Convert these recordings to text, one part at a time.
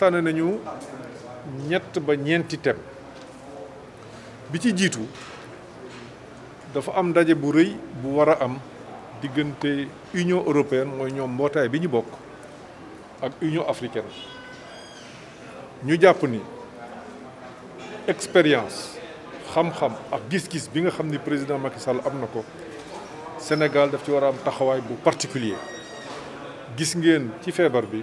waxtaane nañu ñett ba ñeenti tem bi ci jiitu dafa am daje bu rëy bu war a am diggante Union européenne mooy ñoom mbootaay bi ñu bokk ak Union africaine ñu jàpp ni expérience xam-xam ak gis-gis bi nga xam ni président Macky Sall am na ko Sénégal daf ci war a am taxawaay bu particulier gis ngeen ci feebar bi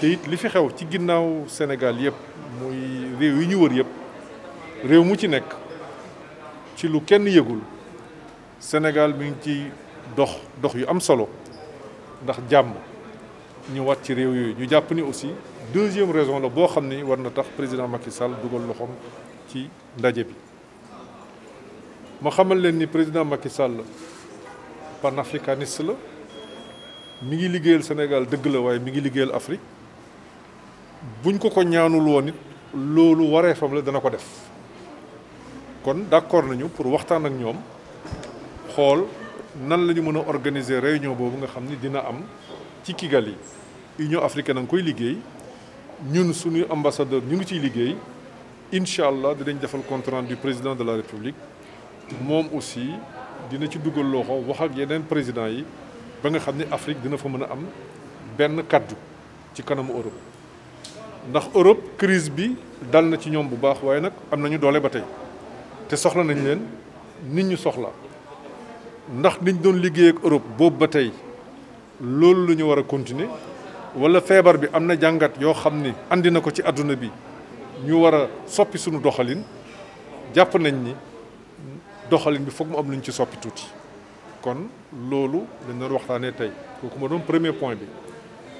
te it li fi xew ci ginnaw Sénégal yépp muy réew yi ñu wër yépp réew mu ci nekk ci lu kenn yëgul Sénégal mi ngi ci dox dox yu am solo ndax jàmm ñu wat ci réew yooyu ñu jàpp ni aussi deuxième raison la boo xam ni war na tax président Macky Sall dugal loxom ci ndaje bi ma xamal leen ni président Macky Sall panafricaniste la mi ngi liggéeyal Sénégal dëgg la waaye mi ngi liggéeyal Afrique buñ ko ko ñaanul woon it loolu waree fam la dana ko def kon d'accord nañu pour waxtaan ak ñoom xool nan la ñu mën a organiser réunion boobu nga xam ni dina am ci kigal yi Union africaine a ngi koy liggéey ñun suñuy ambassadeur ñu ngi ciy liggéey incha allah dinañ defal contrant rendu président de la république moom aussi dina ci dugal loxo wax ak yeneen président yi ba nga xam ni Afrique dina fa mën a am benn kaddu ci kanamu Europe. ndax Europe crise bi dal na ci ñoom bu baax waaye nag am nañu doole ba tey te soxla nañ leen nit ñu soxla ndax niñ doon liggéey ak Europe boobu ba tey loolu lu ñu war a continuer wala feebar bi am na jàngat yoo xam ni andi na ko ci àdduna bi ñu war a soppi sunu doxalin jàpp nañ ni doxalin bi foog mu am lu ñu ci soppi tuuti kon loolu lañ doon waxtaanee tey kooku ma doon premier point bi.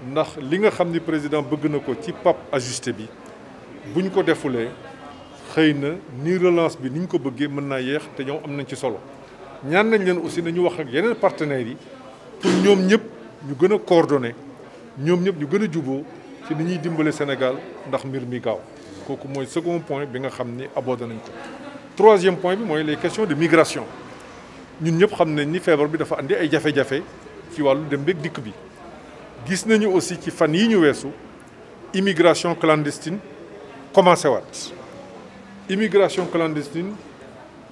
ndax li nga xam ni président bëgg na ko ci PAP ajusté bi buñ ko defulee xëy na ni relance bi ni ñu ko bëggee mën naa yeex te ñoo am nañ ci solo ñaan nañ leen aussi nañu wax ak yeneen partenaires yi pour ñoom ñëpp ñu gën a coordonné ñoom ñëpp ñu gën a juboo ci ni ñuy dimbale Sénégal ndax mbir mi gaaw kooku mooy second point bi nga xam ni abordé nañ ko. troisième point bi mooy les question de migration ñun ñëpp xam ne ni feebar bi dafa andi ay jafe-jafe wàllu dem dikk bi. gis nañu aussi ci fan yi ñu wessu immigration clandestine commencé wat immigration clandestine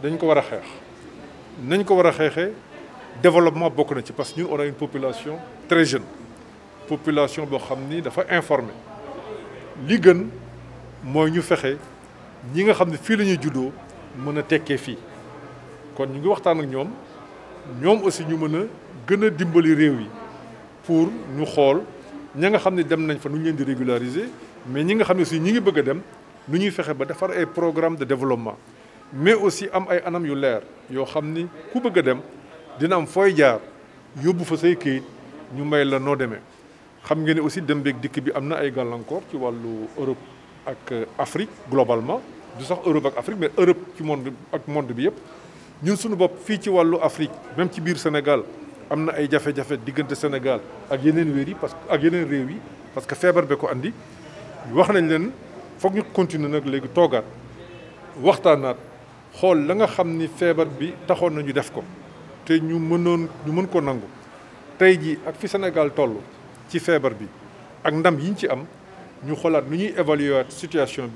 dañ ko wara xex nañ ko wara xexé développement bokk na ci parce que ñun on a une population très jeune population bo xamni dafa informé li gën moy ñu fexé ñi nga xamni fi fii la mëna juddoo fi kon ñu ngi waxtaan ak ñom ñom aussi ñu mëna a dimbali réew yi pour ñu xool ñinga xamni dem nañ fa nu ñu di régulariser mais ñinga xamni xam aussi ñi ngi bëgg dem nu ñuy fexé ba defar ay programme de développement mais aussi am ay anam yu leer yo xamni ku bëgg dem dina am foy jaar yóbbu fa say këyit ñu may la no démé xam ngeen ne aussi dem beeg dikk bi amna na ay gàllankoor ci walu Europe ak Afrique globalement du sax Europe ak Afrique mais Europe ci monde ak monde bi yépp ñun suñu bop fi ci walu Afrique même ci biir Sénégal am na ay jafe Sénégal ak yeneen parce que ak yeneen réew yi parce que feebar bi ko andi wax leen ñu continuer la nga bi nañu def ko ñu ñu ko nangu ak fi Sénégal ci bi ak ndam ci am ñu ñuy situation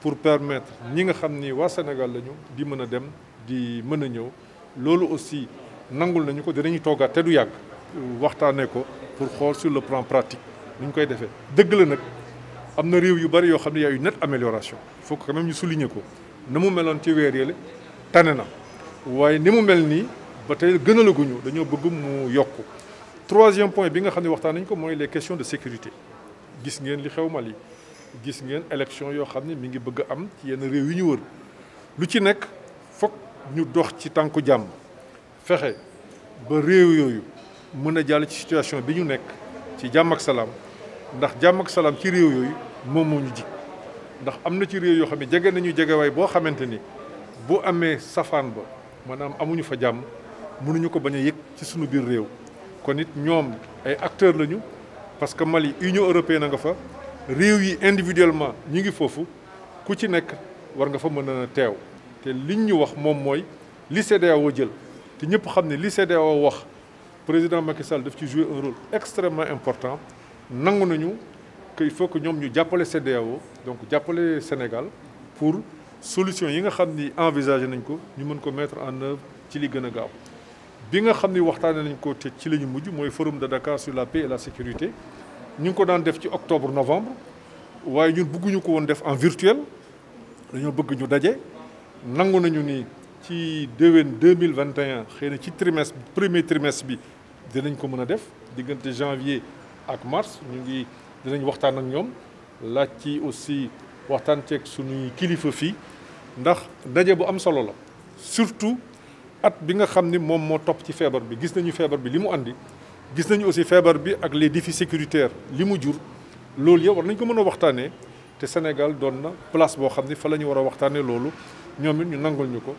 pour permettre ñi nga xam ni Sénégal lañu di mën dem di ñëw aussi nangul nañu ko dinañu toga te du yag waxtaanee ko pour xool sur le plan pratique niñ koy defee deug la nak amna na réew yu bari yo xamné ya yu net amélioration il faut quand même ñu souligner ko namu mu ci weer yele tane na waaye ni mu mel nii ba tey gënalaguñu dañoo bëgg mu yokk troisième point bi nga xamné ne waxtaan nañ ko moy les questions de sécurité gis ngeen li xew Mali gis ngeen élection yo xamné mi ngi bëgg am ci yenn réew yi ñu wër lu ci nekk fokk ñu dox ci tanku jàmm fexe ba réew yooyu mën a jàll ci situation bi ñu nekk ci jàmm ak salaam ndax jàmm ak salaam ci réew yooyu moom moo ñu jig ndax am na ci réew yoo xam ne jege nañu jegewaay boo xamante ni bu amee safaan ba maanaam amuñu fa jàmm mënuñu ko bañ a yëg ci suñu biir réew kon it ñoom ay acteurs lañu parce que Mali Union européenne a nga fa réew yi individuellement ñu ngi foofu ku ci nekk war nga fa mën a teew te liñ ñu wax moom mooy li CEDEAO jël te ñëpp xam ne li CEDEAO le président Macky Sall daf ci jouer un rôle extrêmement important Nous nañu que il faut que nous ñu le CEDEAO donc le Sénégal pour solution yi nga xam ni nañ ko ñu mettre en œuvre ci li gën a gaaw bi nga xam ni nañ ko forum de Dakar sur la paix et la sécurité Nous l'avons ko en def ci octobre novembre nous ñun bëgguñu ko woon def en virtuel dañoo bëgg ñu daje nangu nañu ni ci 2021 deux ci trimestre premier trimestre bi dinañ ko mëna a def digënté janvier ak mars ñu ngi dinañ waxtaan ak ñom la ci aussi waxtaan ak suñuy kilifa fi ndax dajé bu am solo la surtout at bi nga xamni mom mo top ci feebar bi gis nañu feebar bi limu andi gis nañu aussi feebar bi ak les défis sécuritaires limu jur loolu yëpp war nañ ko mëna waxtané té Sénégal donna place bo xamni fa lañu wara waxtané loolu. ñoom it ñu nangul ñu ko.